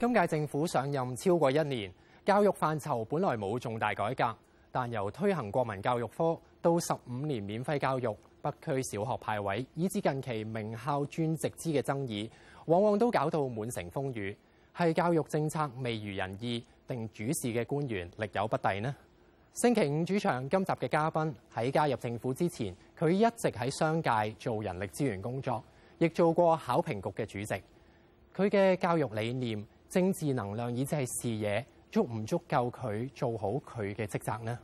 今屆政府上任超過一年，教育範疇本來冇重大改革，但由推行國民教育科到十五年免費教育、北區小學派位，以至近期名校轉直資嘅爭議，往往都搞到滿城風雨。係教育政策未如人意，定主事嘅官員力有不逮呢？星期五主場今集嘅嘉賓喺加入政府之前，佢一直喺商界做人力資源工作，亦做過考評局嘅主席。佢嘅教育理念，政治能量以至係視野足唔足夠佢做好佢嘅職責呢？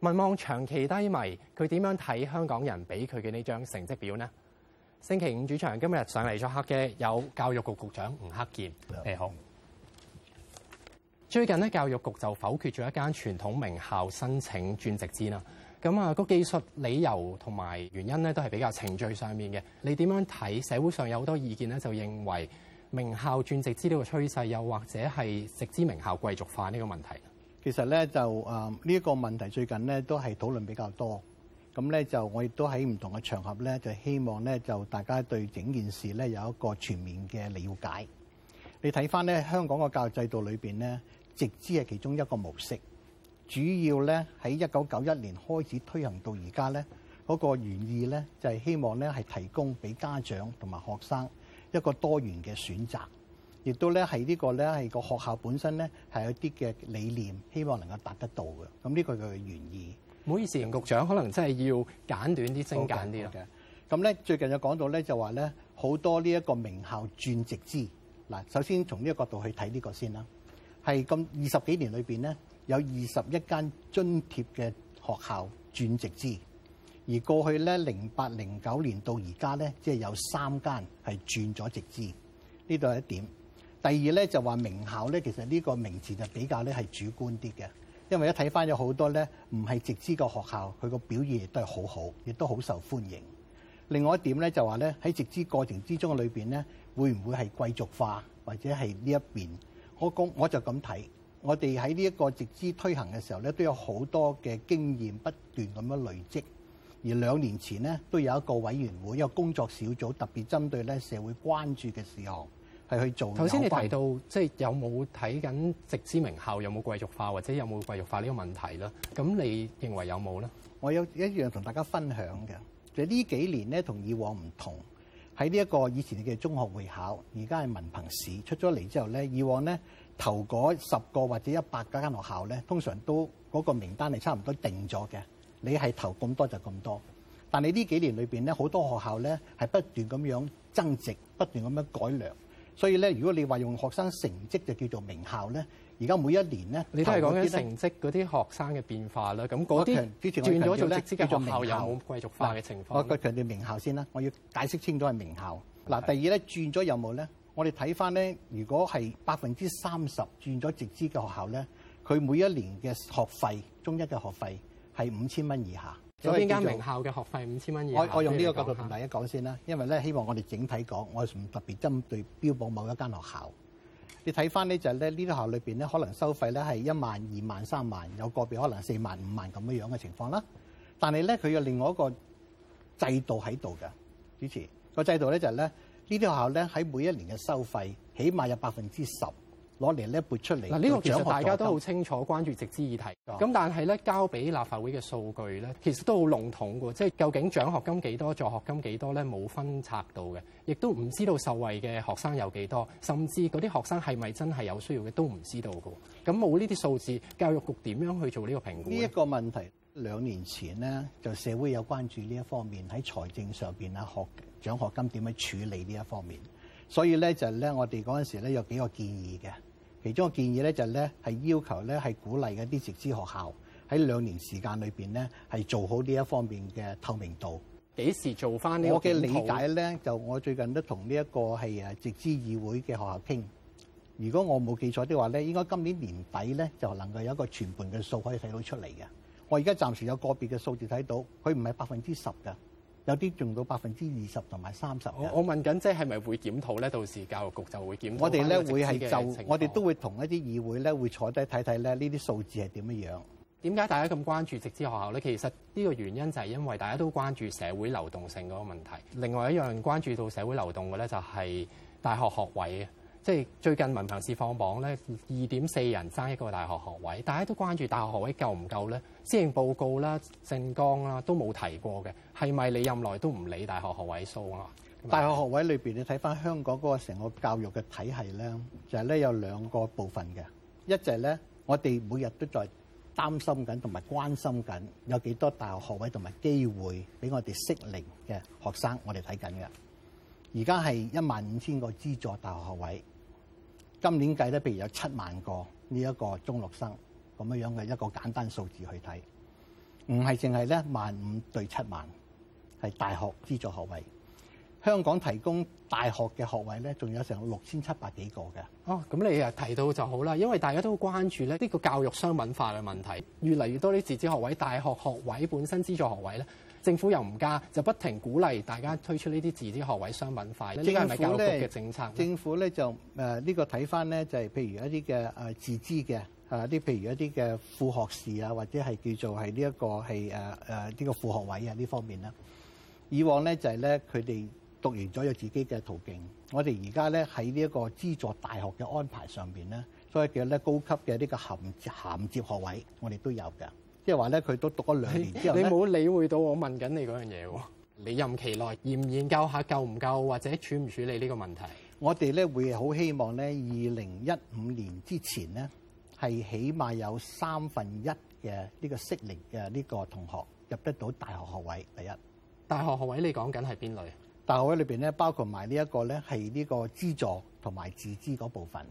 民望長期低迷，佢點樣睇香港人俾佢嘅呢張成績表呢？星期五主場今日上嚟作客嘅有教育局局長吳克儉，你好。最近呢，教育局就否決咗一間傳統名校申請轉直資啦。咁啊個技術理由同埋原因呢，都係比較程序上面嘅。你點樣睇社會上有好多意見呢？就認為。名校轉直資嘅趨勢，又或者係直資名校貴族化呢個問題，其實咧就誒呢一個問題最近咧都係討論比較多，咁咧就我亦都喺唔同嘅場合咧就希望咧就大家對整件事咧有一個全面嘅了解。你睇翻咧香港嘅教育制度裏面咧，直資係其中一個模式，主要咧喺一九九一年開始推行到而家咧嗰個原意咧就係、是、希望咧係提供俾家長同埋學生。一個多元嘅選擇，亦都咧係呢個咧係個學校本身咧係有啲嘅理念，希望能夠達得到嘅。咁呢個佢嘅原意，唔好意思，吳局長可能真係要簡短啲精簡啲嘅。咁、okay，咧、okay。最近就講到咧就話咧好多呢一個名校轉直資嗱，首先從呢個角度去睇呢個先啦，係咁二十幾年裏邊咧有二十一間津貼嘅學校轉直資。而過去咧，零八零九年到而家咧，即係有三間係轉咗直資。呢度係一點。第二咧就話名校咧，其實呢個名詞就比較咧係主觀啲嘅，因為一睇翻有好多咧唔係直資嘅學校，佢個表現亦都係好好，亦都好受歡迎。另外一點咧就話咧喺直資過程之中嘅裏邊咧，會唔會係貴族化或者係呢一邊？我講我就咁睇，我哋喺呢一個直資推行嘅時候咧，都有好多嘅經驗不斷咁樣累積。而兩年前咧，都有一個委員會，有工作小組特別針對咧社會關注嘅事項係去做。頭先你提到即係有冇睇緊直資名校有冇貴族化或者有冇貴族化呢個問題啦？咁你認為有冇咧？我有一樣同大家分享嘅就係呢幾年咧，同以往唔同喺呢一個以前嘅中學會考，而家係文憑試出咗嚟之後咧，以往咧頭嗰十個或者一百間間學校咧，通常都嗰個名單係差唔多定咗嘅。你係投咁多就咁多，但你呢幾年裏邊咧，好多學校咧係不斷咁樣增值，不斷咁樣改良，所以咧，如果你話用學生成績就叫做名校咧，而家每一年咧，你都係講緊成績嗰啲學生嘅變化啦。咁嗰啲轉咗做直資嘅學，學校有貴族化嘅情況。我一個強調名校先啦，我要解釋清楚係名校嗱。第二咧轉咗有冇咧？我哋睇翻咧，如果係百分之三十轉咗直資嘅學校咧，佢每一年嘅學費，中一嘅學費。係五千蚊以下，有邊間名校嘅學費五千蚊以下？我我用呢個角度同大家講先啦，因為咧希望我哋整體講，我唔特別針對標榜某一間學校。你睇翻呢，就係咧呢啲學校裏邊咧可能收費咧係一萬、二萬、三萬，有個別可能四萬、五萬咁樣樣嘅情況啦。但係咧佢有另外一個制度喺度㗎，主持個制度咧就係咧呢啲學校咧喺每一年嘅收費起碼有百分之十。攞嚟咧撥出嚟嗱，呢個其實大家都好清楚關注直資議題㗎。咁但係咧，交俾立法會嘅數據咧，其實都好籠統㗎。即係究竟獎學金幾多、助學金幾多咧，冇分拆到嘅，亦都唔知道受惠嘅學生有幾多，甚至嗰啲學生係咪真係有需要嘅都唔知道㗎。咁冇呢啲數字，教育局點樣去做呢個評估？呢一個問題兩年前咧，就社會有關注呢一方面喺財政上邊啊，學獎學金點樣處理呢一方面。所以咧，就係咧，我哋嗰陣時咧有幾個建議嘅。其中嘅建議咧就咧係要求咧係鼓勵一啲直資學校喺兩年時間裏邊咧係做好呢一方面嘅透明度。幾時做返呢？我嘅理解咧就我最近都同呢一個係誒直資議會嘅學校傾。如果我冇記錯的話咧，應該今年年底咧就能夠有一個全盤嘅數可以睇到出嚟嘅。我而家暫時有個別嘅數字睇到它不是，佢唔係百分之十㗎。.有啲用到百分之二十同埋三十。我，我問緊即係咪會檢討咧？到時教育局就會檢討。我哋咧會係就，我哋都會同一啲議會咧會坐低睇睇咧呢啲數字係點樣樣。點解大家咁關注直資學校咧？其實呢個原因就係因為大家都關注社會流動性嗰個問題。另外一樣關注到社會流動嘅咧就係大學學位。即係最近文憑試放榜咧，二點四人爭一個大學學位，大家都關注大學學位夠唔夠咧？施政報告啦、政綱啊都冇提過嘅，係咪你任內都唔理大學學位數啊？大學學位裏邊，你睇翻香港嗰個成個教育嘅體系咧，就係咧有兩個部分嘅，一隻咧我哋每日都在擔心緊同埋關心緊有幾多大學學位同埋機會俾我哋適齡嘅學生，我哋睇緊嘅。而家係一萬五千個資助大學學位今年計咧譬如有七萬個呢一個中六生咁樣樣嘅一個簡單數字去睇唔係淨係咧萬五對七萬係大學資助學位香港提供大學嘅學位咧，仲有成六千七百幾個嘅。哦，咁你啊提到就好啦，因為大家都好關注咧呢個教育商品化嘅問題，越嚟越多啲自資學位、大學學位本身資助學位咧，政府又唔加，就不停鼓勵大家推出呢啲自資學位商品化。呢個係咪教育局嘅政策？政府咧就誒呢個睇翻咧，就係、呃這個就是、譬如一啲嘅自資嘅，係、啊、啲譬如一啲嘅副學士啊，或者係叫做係呢一個係誒誒呢個副學位啊呢方面啦。以往咧就係咧佢哋。他們讀完咗有自己嘅途徑，我哋而家咧喺呢一個資助大學嘅安排上邊咧，所以叫咧高級嘅呢個銜銜接學位，我哋都有嘅。即係話咧，佢都讀咗兩年之後，你冇理會到我問緊你嗰樣嘢喎？你任期內研唔研究下夠唔夠或者處唔處理呢個問題？我哋咧會好希望咧，二零一五年之前咧係起碼有三分一嘅呢個適齡嘅呢個同學入得到大學學位。第一。大學學位，你講緊係邊類？大學喺裏邊咧，包括埋呢一個咧，係呢個資助同埋自資嗰部分。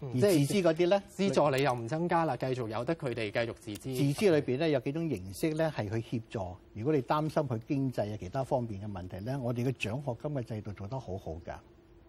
即、嗯、而自資嗰啲咧，資、嗯、助你又唔增加啦，繼續有得佢哋繼續自資。自資裏邊咧，有幾種形式咧，係去協助。如果你擔心佢經濟啊其他方面嘅問題咧，我哋嘅獎學金嘅制度做得好好㗎。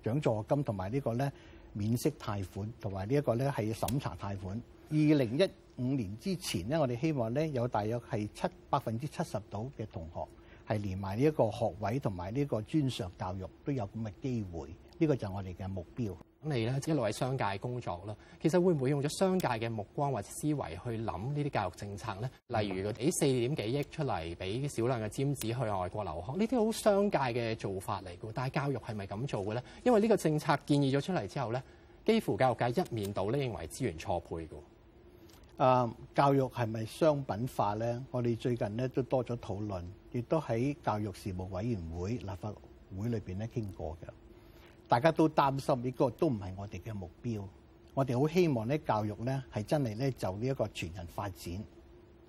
獎助金同埋呢個咧免息貸款，同埋呢一個咧係審查貸款。二零一五年之前咧，我哋希望咧有大約係七百分之七十度嘅同學。係連埋呢一個學位同埋呢個專上教育都有咁嘅機會，呢個就係我哋嘅目標。咁你咧一路喺商界工作啦，其實會唔會用咗商界嘅目光或者思維去諗呢啲教育政策咧？例如佢俾四點幾億出嚟俾少量嘅尖子去外國留學，呢啲好商界嘅做法嚟㗎。但係教育係咪咁做嘅咧？因為呢個政策建議咗出嚟之後咧，幾乎教育界一面倒咧認為資源錯配㗎。啊，教育係咪商品化咧？我哋最近咧都多咗討論，亦都喺教育事務委員會立法會裏邊咧傾過嘅。大家都擔心呢個都唔係我哋嘅目標。我哋好希望咧教育咧係真係咧就呢一個全人發展呢、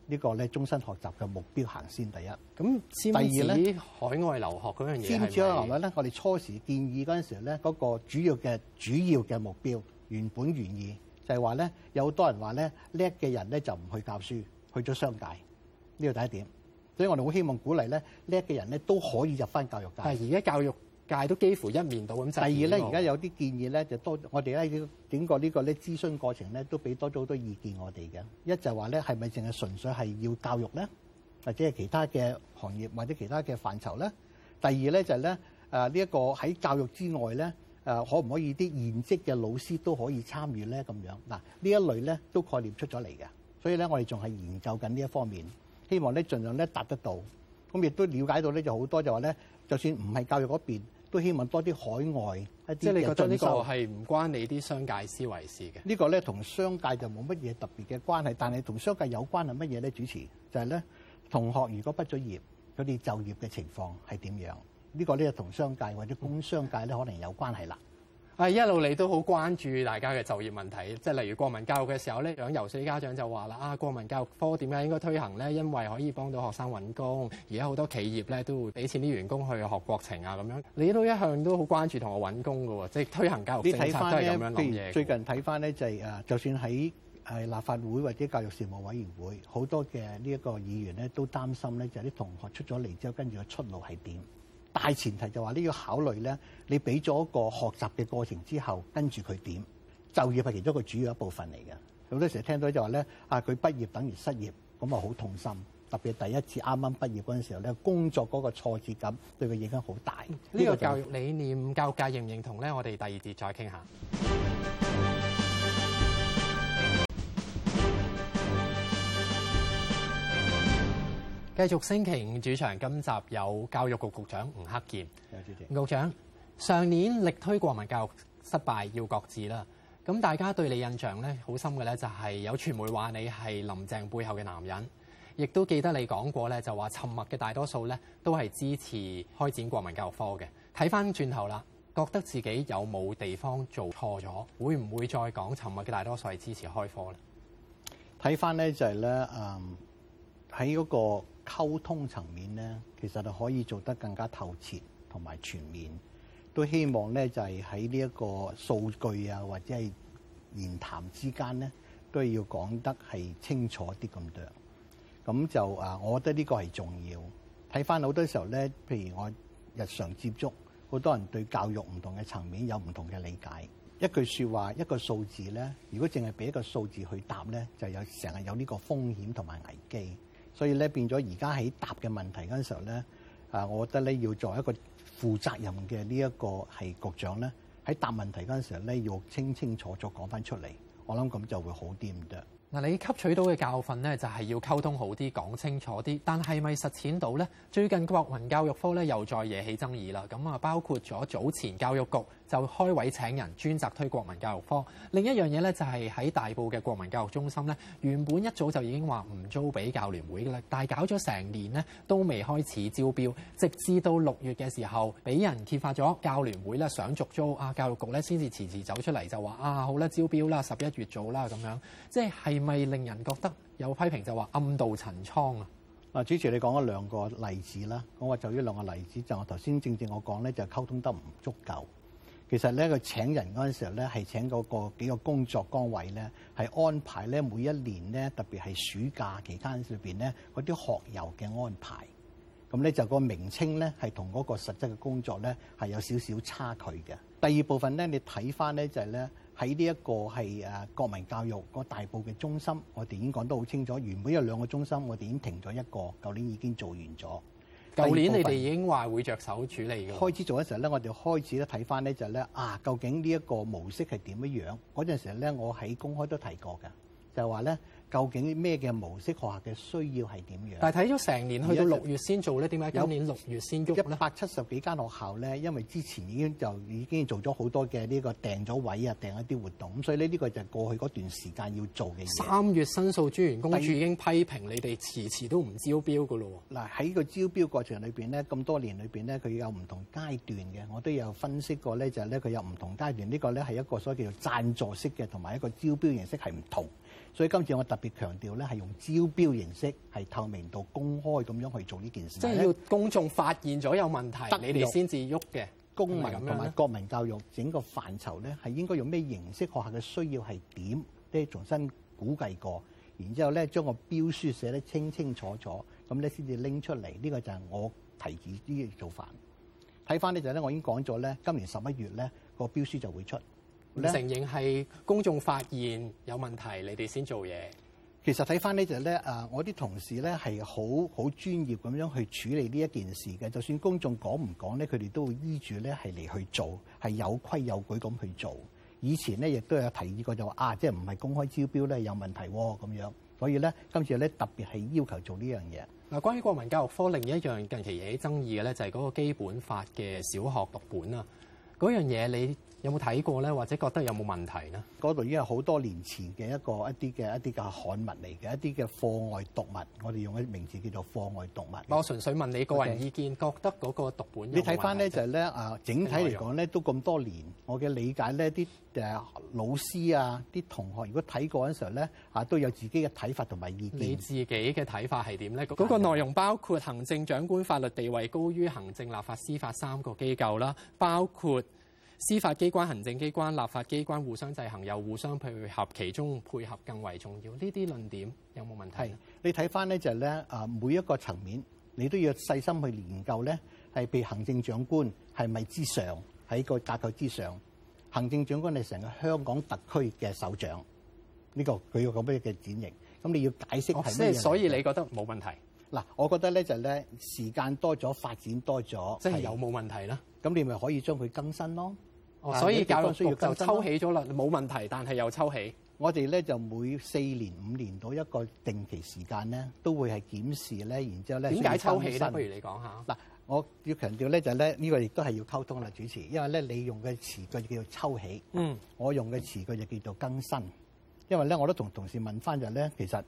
呢個咧終身學習嘅目標行先第一。咁第二咧海外留學嗰樣嘢係咪咧？我哋初時建議嗰陣時咧嗰、嗰個主要嘅主要嘅目標原本原意。就係話咧，有好多人話咧，叻嘅人咧就唔去教書，去咗商界。呢個第一點，所以我哋好希望鼓勵咧，叻嘅人咧都可以入翻教育界。但係而家教育界都幾乎一面倒咁滯。第二咧，而家有啲建議咧，就多我哋咧要整個呢個咧諮詢過程咧，都俾多咗好多意見我哋嘅。一就係話咧，係咪淨係純粹係要教育咧，或者係其他嘅行業或者其他嘅範疇咧？第二咧就係、是、咧、這個，誒呢一個喺教育之外咧。可唔可以啲現職嘅老師都可以參與咧？咁樣嗱，呢一類咧都概念出咗嚟嘅，所以咧我哋仲係研究緊呢一方面，希望咧盡量咧達得到。咁亦都了解到咧就好多就話咧，就算唔係教育嗰邊，都希望多啲海外，即係你覺得呢個係唔關你啲商界思維事嘅。呢個咧同商界就冇乜嘢特別嘅關係，但係同商界有關係乜嘢咧？主持就係咧，同學如果畢咗業，佢哋就業嘅情況係點樣？呢、這個呢個同商界或者工商界咧，可能有關係啦。啊，一路嚟都好關注大家嘅就業問題，即係例如國民教育嘅時候咧，響游水家長就話啦：啊，國民教育科點解應該推行咧？因為可以幫到學生揾工。而家好多企業咧都會俾錢啲員工去學國情啊，咁樣你都一向都好關注同我揾工嘅喎，即係推行教育政策都係咁樣諗嘢。看呢最近睇翻咧就係誒，就算喺係立法會或者教育事務委員會，好多嘅呢一個議員咧都擔心咧，就係啲同學出咗嚟之後，跟住個出路係點？大前提就話呢要考慮咧，你俾咗個學習嘅過程之後，跟住佢點就業係其中一個主要一部分嚟嘅。咁多時候聽到就話咧，啊佢畢業等於失業，咁啊好痛心。特別第一次啱啱畢業嗰陣時候咧，工作嗰個挫折感對佢影響好大。呢、嗯這個教育理念，教育界認唔認同咧？我哋第二節再傾下。繼續星期五主場，今集有教育局局長吳克儉。局長上年力推國民教育失敗，要擱置啦。咁大家對你印象咧好深嘅咧，就係有傳媒話你係林鄭背後嘅男人，亦都記得你講過咧，就話沉默嘅大多數咧都係支持開展國民教育科嘅。睇翻轉頭啦，覺得自己有冇地方做錯咗，會唔會再講沉默嘅大多數係支持開科咧？睇翻咧就係、是、咧，嗯，喺嗰、那個。溝通層面咧，其實就可以做得更加透徹同埋全面，都希望咧就係喺呢一個數據啊，或者係言談之間咧，都要講得係清楚啲咁多。咁就啊，我覺得呢個係重要。睇翻好多時候咧，譬如我日常接觸，好多人對教育唔同嘅層面有唔同嘅理解。一句說話，一個數字咧，如果淨係俾一個數字去答咧，就有成日有呢個風險同埋危機。所以咧變咗而家喺答嘅問題嗰陣時候咧，啊，我覺得咧要作為一個負責任嘅呢一個係局長咧，喺答問題嗰陣時候咧要清清楚楚講翻出嚟，我諗咁就會好啲咁。嗱，你吸取到嘅教訓呢，就係要溝通好啲，講清楚啲。但係咪實踐到呢？最近國民教育科呢，又再惹起爭議啦。咁啊，包括咗早前教育局就開位請人專責推國民教育科。另一樣嘢呢，就係喺大埔嘅國民教育中心呢，原本一早就已經話唔租俾教聯會嘅啦，但係搞咗成年呢，都未開始招標，直至到六月嘅時候俾人揭發咗教聯會咧想續租啊，教育局呢，先至遲遲走出嚟就話啊好啦，招標啦，十一月做啦咁樣，即係係咪令人覺得有批評就話暗度陳倉啊？嗱，主持你講咗兩個例子啦，我話就呢兩個例子就頭先正正我講咧，就溝通得唔足夠。其實咧佢請人嗰陣時候咧，係請嗰個幾個工作崗位咧，係安排咧，每一年咧，特別係暑假期間裏面咧，嗰啲學遊嘅安排，咁咧就個名稱咧係同嗰個實質嘅工作咧係有少少差距嘅。第二部分咧你睇翻咧就係咧。喺呢一個係誒國民教育個大埔嘅中心，我哋已經講得好清楚。原本有兩個中心，我哋已經停咗一個，舊年已經做完咗。舊年你哋已經話會着手處理嘅。開始做嘅時候咧，我哋開始咧睇翻咧就係、是、咧啊，究竟呢一個模式係點樣樣？嗰陣時候咧，我喺公開都提過嘅，就係話咧。究竟咩嘅模式，學校嘅需要係點樣？但係睇咗成年去到六月先做咧，點解九年六月先喐一百七十幾間學校咧，因為之前已經就已經做咗好多嘅呢個訂咗位啊，訂一啲活動，咁，所以咧呢個就過去嗰段時間要做嘅嘢。三月申訴專員公署已經批評你哋遲遲都唔招標噶咯。嗱喺個招標過程裏邊咧，咁多年裏邊咧，佢有唔同階段嘅，我都有分析過咧，就係咧佢有唔同階段，呢個咧係一個所謂叫做贊助式嘅，同埋一個招標形式係唔同。所以今次我特別強調咧，係用招標形式，係透明度、公開咁樣去做呢件事。即係要公眾發現咗有問題，得你哋先至喐嘅。公民同埋國民教育整個範疇咧，係應該用咩形式？學校嘅需要係點，即係重新估計過，然之後咧將個標書寫得清清楚楚，咁咧先至拎出嚟。呢個就係我提議呢做法。睇翻呢就咧，我已經講咗咧，今年十一月咧個標書就會出。承認係公眾發現有問題，你哋先做嘢。其實睇翻呢就咧，誒我啲同事咧係好好專業咁樣去處理呢一件事嘅。就算公眾講唔講咧，佢哋都會依住咧係嚟去做，係有規有矩咁去做。以前咧亦都有提議過，就話啊，即係唔係公開招標咧有問題咁樣。所以咧今次咧特別係要求做呢樣嘢。嗱，關於國民教育科另一樣近期引起爭議嘅咧，就係嗰個基本法嘅小學讀本啊。嗰樣嘢你。有冇睇過咧？或者覺得有冇問題咧？嗰度已經係好多年前嘅一個一啲嘅一啲嘅刊物嚟嘅一啲嘅課外讀物，我哋用一啲名字叫做課外讀物。我純粹問你個人意見，Okay. 覺得嗰個讀本。你睇翻咧就係咧啊，整體嚟講咧都咁多年，我嘅理解咧啲誒老師啊、啲同學，如果睇過嗰陣時候咧嚇都有自己嘅睇法同埋意見。你自己嘅睇法係點咧？嗰、那個內容包括行政長官法律地位高於行政、立法、司法三個機構啦，包括。司法機關、行政機關、立法機關互相制衡又互相配合，其中配合更為重要。呢啲論點有冇問題？你睇翻咧，就係咧啊，每一個層面，你都要細心去研究咧，係被行政長官係咪之上喺個架構之上？行政長官係成個香港特區嘅首長，呢、這個佢有咁樣嘅展型。咁你要解釋係、哦、所以你覺得冇問題？嗱，我覺得咧就係咧時間多咗，發展多咗，即、就、係、是、有冇問題啦？咁你咪可以將佢更新咯。哦、所以搞到需要就抽起咗啦，冇、哦、問題，但係又抽起。我哋咧就每四年五年到一個定期時間咧，都會係檢視咧，然之後咧。點解抽起咧？不如你講下。嗱，我要強調咧就是、呢咧，呢、這個亦都係要溝通啦，主持。因為咧，你用嘅詞句叫做抽起，嗯，我用嘅詞句就叫做更新。因為咧，我都同同事問翻咗咧，其實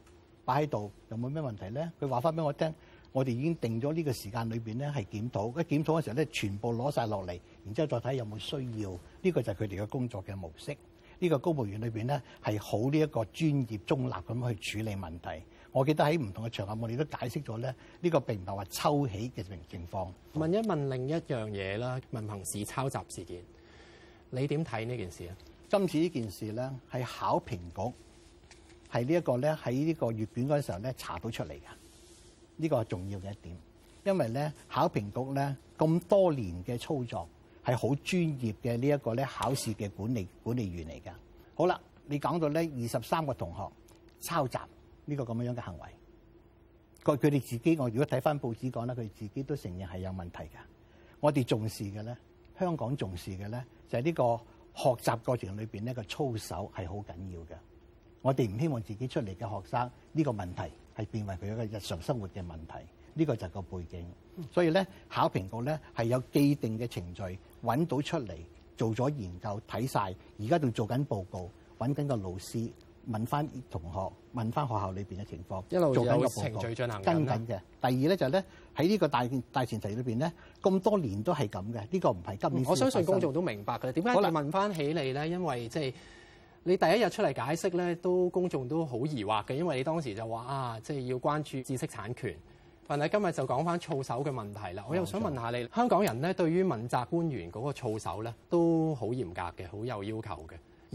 擺喺度有冇咩問題咧？佢話翻俾我聽，我哋已經定咗呢個時間裏面咧係檢討。一檢討嘅時候咧，全部攞晒落嚟。然之後再睇有冇需要，呢個就係佢哋嘅工作嘅模式。呢個公務員裏邊咧係好呢一個專業中立咁去處理問題。我記得喺唔同嘅場合，我哋都解釋咗咧，呢個並唔係話抽起嘅情況。問一問另一樣嘢啦，文憑試抄襲事件，你點睇呢件事啊？今次呢件事咧，係考評局係呢一個咧喺呢個閲卷嗰陣時候咧查到出嚟嘅，呢個係重要嘅一點。因為咧考評局咧咁多年嘅操作。係好專業嘅呢一個咧考試嘅管理管理員嚟㗎。好啦，你講到呢二十三個同學抄襲呢個咁樣嘅行為，佢佢哋自己，我如果睇翻報紙講咧，佢哋自己都承認係有問題㗎。我哋重視嘅咧，香港重視嘅咧，就係呢個學習過程裏邊呢個操守係好緊要嘅。我哋唔希望自己出嚟嘅學生呢個問題係變為佢一個日常生活嘅問題。呢個就係個背景。所以咧考評局咧係有既定嘅程序。揾到出嚟，做咗研究，睇晒，而家仲做緊報告，揾緊個老師，問翻同學，問翻學校裏邊嘅情況，一路做緊個程序進行緊啦。第二咧就係咧喺呢個大大前提裏邊咧，咁多年都係咁嘅，呢個唔係今年。我相信公眾都明白嘅，點解我哋問翻起你咧？因為即係你第一日出嚟解釋咧，都公眾都好疑惑嘅，因為你當時就話啊，即係要關注知識產權。問你今日就講翻操守嘅問題啦，我又想問，問下你，香港人咧對於問責官員嗰個操守咧都好嚴格嘅，好有要求嘅。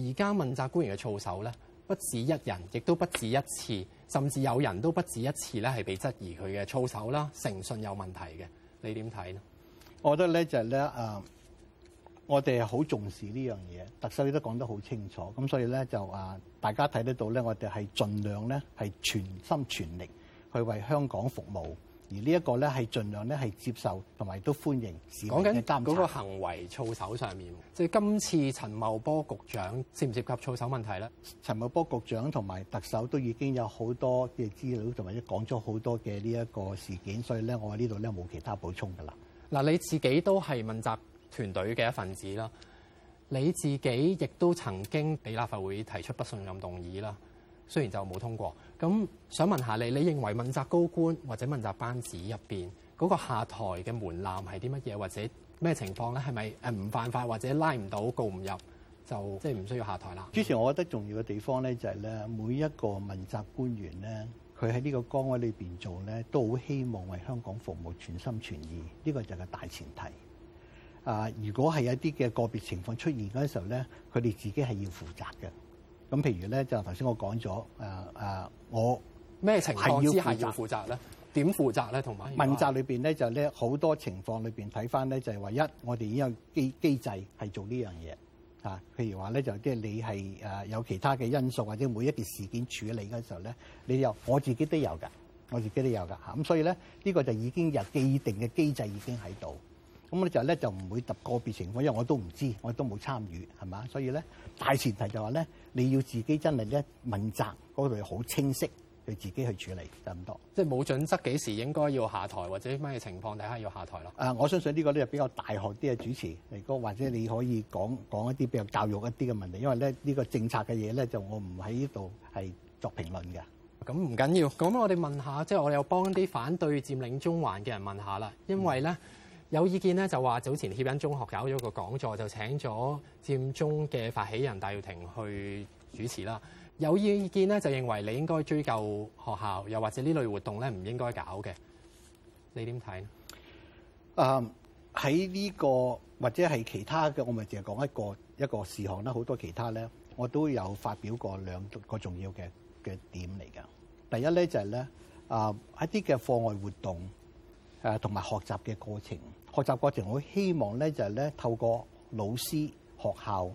而家問責官員嘅操守咧，不止一人，亦都不止一次，甚至有人都不止一次咧係被質疑佢嘅操守啦、誠信有問題嘅。你點睇呢？我覺得咧就咧、係、啊，我哋好重視呢樣嘢，特首亦都講得好清楚，咁所以咧就啊，大家睇得到咧，我哋係盡量咧係全心全力去為香港服務。而呢一個咧係盡量咧係接受同埋都歡迎，講緊嗰個行為操守上面。即係今次陳茂波局長涉唔涉及操守問題咧？陳茂波局長同埋特首都已經有好多嘅資料同埋一講咗好多嘅呢一個事件，所以咧我喺呢度咧冇其他補充㗎啦。嗱，你自己都係問責團隊嘅一份子啦，你自己亦都曾經俾立法會提出不信任動議啦。雖然就冇通過，咁想問下你，你認為問責高官或者問責班子入邊嗰個下台嘅門檻係啲乜嘢，或者咩情況咧？係咪誒唔犯法或者拉唔到告唔入就即係唔需要下台啦？之前我覺得重要嘅地方咧就係咧，每一個問責官員咧，佢喺呢個崗位裏邊做咧，都好希望為香港服務全心全意，呢個就係大前提。啊，如果係有一啲嘅個別情況出現嗰陣時候咧，佢哋自己係要負責嘅。咁譬如咧，就頭先我講咗誒誒，我咩情況之下要負責咧？點負責咧？同埋問責裏邊咧，就咧好多情況裏邊睇翻咧，就係、是、唯一我哋已經有機機制係做呢樣嘢啊。譬如話咧，就即係你係誒有其他嘅因素，或者每一件事件處理嘅時候咧，你有我自己都有㗎，我自己都有㗎嚇。咁、啊、所以咧，呢、這個就已經有既定嘅機制已經喺度。咁咧就咧就唔會揼個別情況，因為我都唔知，我都冇參與係嘛。所以咧，大前提就話咧。你要自己真係咧問責嗰度好清晰，佢自己去處理就咁多，即係冇準則幾時應該要下台或者咩情況底下要下台咯，啊。我相信呢個都係比較大學啲嘅主持嚟，講，或者你可以講講一啲比較教育一啲嘅問題，因為咧呢、這個政策嘅嘢咧就我唔喺呢度係作評論嘅。咁唔緊要，咁我哋問下，即、就、係、是、我有幫啲反對佔領中環嘅人問下啦，因為咧。嗯有意見咧就話早前協恩中學搞咗個講座，就請咗佔中嘅發起人戴耀廷去主持啦。有意見咧就認為你應該追究學校，又或者呢類活動咧唔應該搞嘅。你點睇？誒喺呢個或者係其他嘅，我咪淨係講一個一個事項啦。好多其他咧，我都有發表過兩個重要嘅嘅點嚟㗎。第一咧就係、是、咧，誒、嗯、一啲嘅課外活動。誒同埋學習嘅過程，學習過程我希望咧就係咧透過老師、學校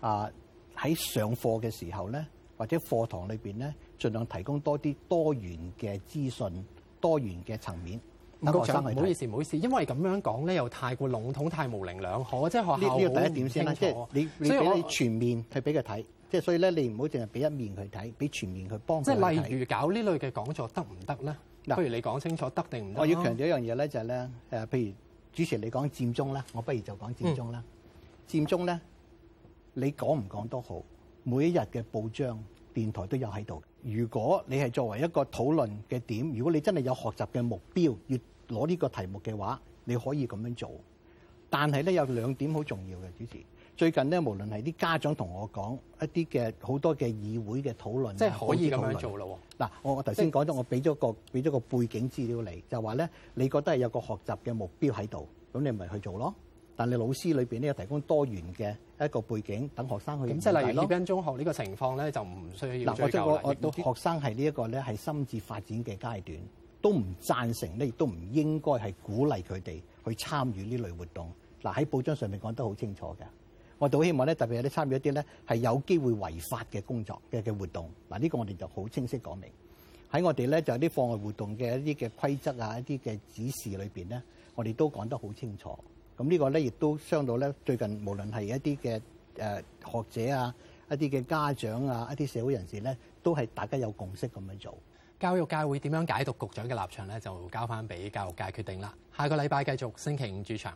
啊喺上課嘅時候咧，或者課堂裏邊咧，儘量提供多啲多元嘅資訊、多元嘅層面，等學生去睇。唔好意思，唔好意思，因為咁樣講咧，又太過籠統，太模棱兩可，即係學校呢個第一點先啦。即係你所你，你全面去俾佢睇，即係所以咧，你唔好淨係俾一面去睇，俾全面去幫佢。即係例如搞呢類嘅講座得唔得咧？行不行呢嗱，不如你講清楚得定唔得？我要強調一樣嘢咧，就係咧，誒，譬如主持人你講佔中啦，我不如就講佔中啦。嗯、佔中咧，你講唔講都好，每一日嘅報章、電台都有喺度。如果你係作為一個討論嘅點，如果你真係有學習嘅目標，要攞呢個題目嘅話，你可以咁樣做。但係咧，有兩點好重要嘅，主持最近咧，無論係啲家長同我講一啲嘅好多嘅議會嘅討論，即係可以咁樣做咯。嗱、啊，我我頭先講咗，我俾咗個俾咗個背景資料你，就話咧，你覺得係有個學習嘅目標喺度，咁你咪去做咯。但你老師裏邊呢，咧，有提供多元嘅一個背景，等學生去咁即係例如呢斌中學呢個情況咧，就唔需要、啊。嗱，我我到學生係呢一個咧係心智發展嘅階段，都唔贊成，亦都唔應該係鼓勵佢哋去參與呢類活動。嗱、啊、喺報章上面講得好清楚嘅。我都希望咧，特別有啲參與一啲咧係有機會違法嘅工作嘅嘅活動，嗱、這、呢個我哋就好清晰講明。喺我哋咧就有啲課外活動嘅一啲嘅規則啊，一啲嘅指示裏邊咧，我哋都講得好清楚。咁呢個咧亦都相到咧最近無論係一啲嘅誒學者啊，一啲嘅家長啊，一啲社會人士咧，都係大家有共識咁樣做。教育界會點樣解讀局長嘅立場咧？就交翻俾教育界決定啦。下個禮拜繼續星期五主場。